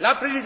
La Presidente.